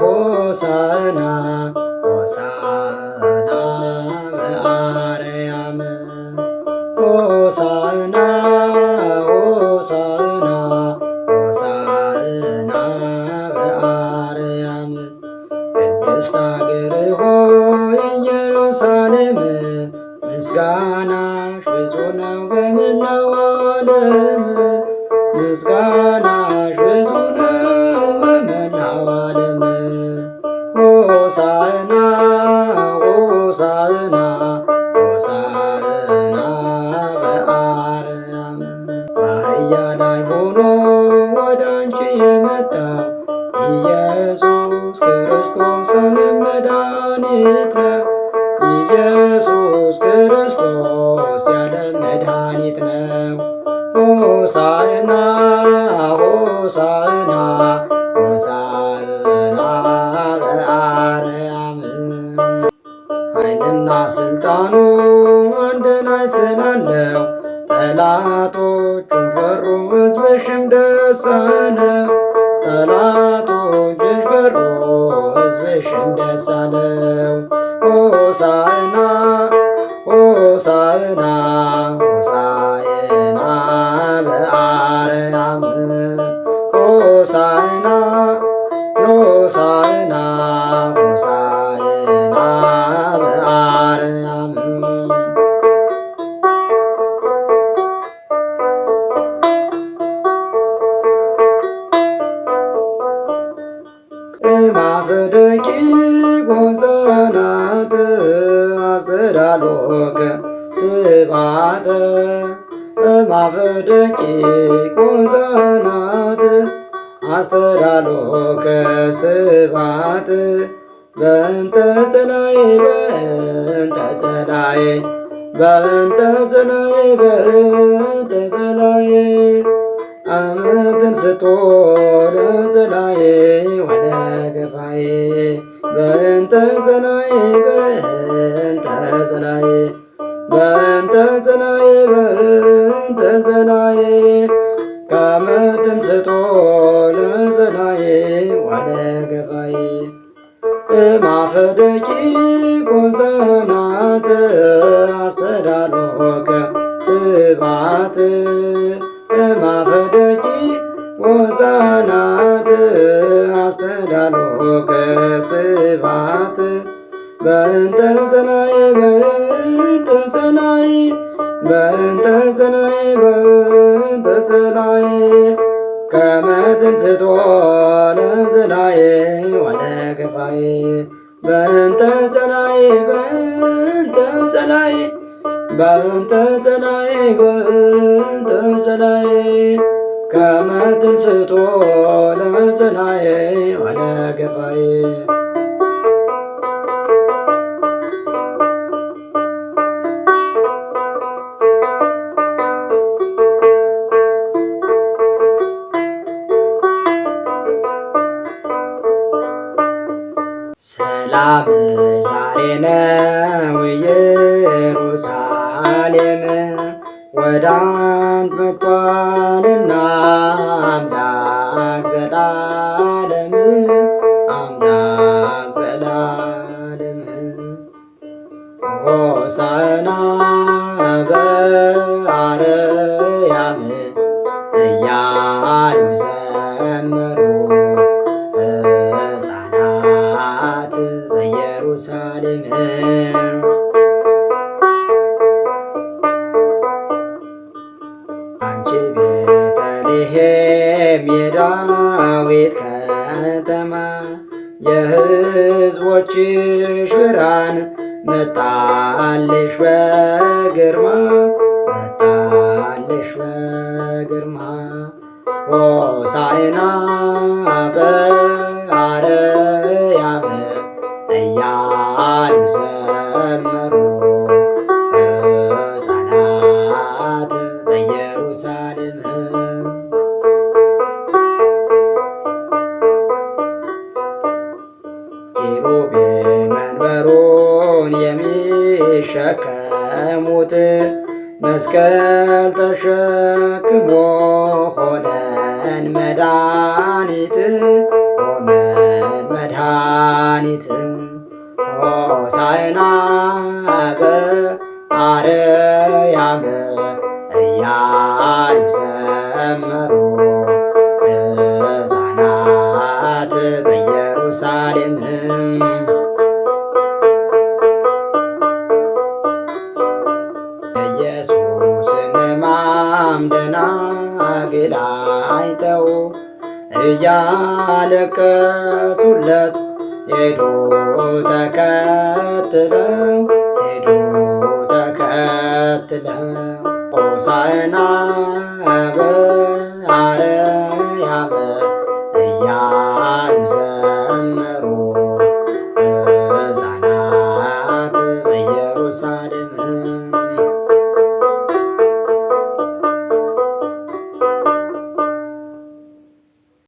ሆሳና ሆሳና በአርያም ሆሳና ሆሳና ሆሳና በአርያም ቅድስት አገር ሆይ ኢየሩሳሌም ምስጋናሽ ብዙ ነው በመላው ምስጋናሽ ብዙ ሆሳዕና ሆሳዕና በአርያም በአህያ ላይ ሆኖ ወደ አንቺ የመጣ ኢየሱስ ክርስቶስ መድኃኒት ነው። ኢየሱስ ክርስቶስ ያለ መድኃኒት ነው። ሆሳዕና ሆሳዕና ጠላቶቹን ፈሩ፣ ሕዝብሽም ደስ አለ። ፈሩ፣ ሕዝብሽም ደስ ሆሳዕና ሆሳዕና ማፍደቂ ጎንዘናት አስተዳሎከ ስባተ ማፍደቂ ጎንዘናት አስተዳሎከ ስባት በእንተ ጽናይ በእንተ ጽናይ በእንተ ጽናይ በእንተ ጽናይ ለትንስቶ ለንዘላዬ ወለገፋዬ በእንተ ዘናዬ በእንተ ዘናዬ በእንተ ዘናዬ በእንተ ዘናዬ ካመ ትንስቶ ለንዘላዬ ወለገፋዬ እማፈደቂ ኮንዘናት አስተዳሎከ ስባት በእንተንሰናይ በእንተንሰናይ በእንተንሰናይ በእንተንሰናይ ከመትንስቶ ለንስናይ ወደ ግፋይ በእንተንሰናይ በእንተንሰናይ በእንተንሰናይ በእንተንሰናይ ከመትንስቶ ለንስናይ ወደ ግፋይ ሰላም ዛሬ ነው ኢየሩሳሌም ወደ አንተ መጥቷልና አምላክ ዘላለም አምላክ ዘላለም ሆሳዕና ኢየሩሳሌም አንቺ ቤተልሔም የዳዊት ከተማ የሕዝቦችሽ ብርሃን መጣልሽ በግርማ መጣልሽ በግርማ ሆሳዕና ሥጋውን የሚሸከሙት መስቀል ተሸክሞ ሆነን መድኃኒት ሆነን መድኃኒት ሰላም ደናግል አይተው እያለቀሱለት ሄዱ ተከትለው ሄዱ ተከትለው ሆሳዕና